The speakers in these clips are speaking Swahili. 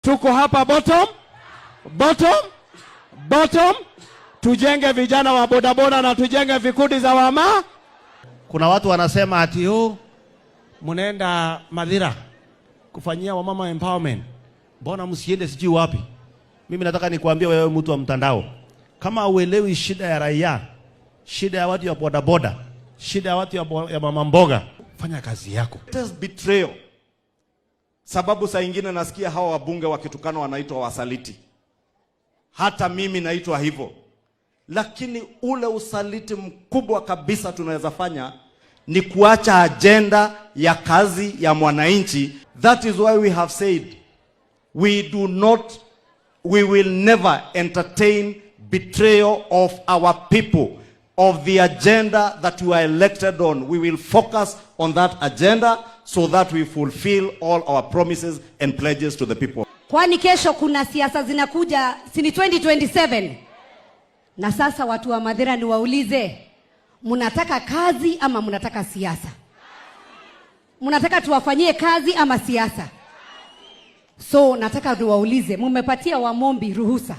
Tuko hapa bottom, bottom, bottom, tujenge vijana wa bodaboda na tujenge vikundi za wama. Kuna watu wanasema ati huu oh, mnaenda madhira kufanyia wamama empowerment, mbona msiende sijui wapi? Mimi nataka nikuambia wewe mtu wa mtandao, kama uelewi shida ya raia, shida ya watu ya bodaboda, shida ya watu ya, ya mama mboga, fanya kazi yako. Betrayal sababu saa ingine nasikia hawa wabunge wakitukana wanaitwa wasaliti. Hata mimi naitwa hivyo, lakini ule usaliti mkubwa kabisa tunaweza fanya ni kuacha ajenda ya kazi ya mwananchi. That is why we have said we do not, we will never entertain betrayal of our people of the agenda that you are elected on. We will focus on that agenda so that we fulfill all our promises and pledges to the people. Kwani kesho kuna siasa zinakuja, si ni 2027? Na sasa watu wa madhira niwaulize, mnataka kazi ama mnataka siasa? Mnataka tuwafanyie kazi ama siasa? So nataka niwaulize, mumepatia Wamombi ruhusa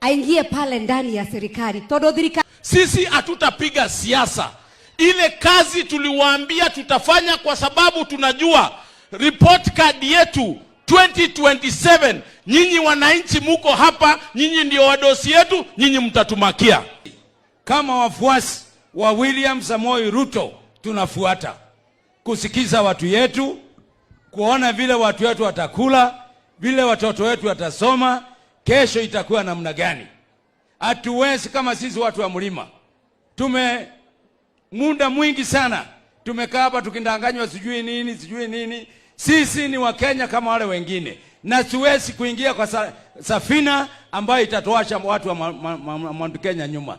aingie pale ndani ya serikali tododhirika sisi hatutapiga siasa. Ile kazi tuliwaambia tutafanya, kwa sababu tunajua report card yetu 2027 nyinyi wananchi muko hapa, nyinyi ndio wadosi yetu, nyinyi mtatumakia. Kama wafuasi wa William Samoei Ruto tunafuata kusikiza watu yetu, kuona vile watu wetu watakula, vile watoto wetu watasoma, kesho itakuwa namna gani. Hatuwezi kama sisi watu wa mlima, tume muda mwingi sana tumekaa hapa tukindanganywa sijui nini sijui nini. Sisi ni Wakenya kama wale wengine, na siwezi kuingia kwa safina ambayo itatoasha watu wa Mount Kenya nyuma.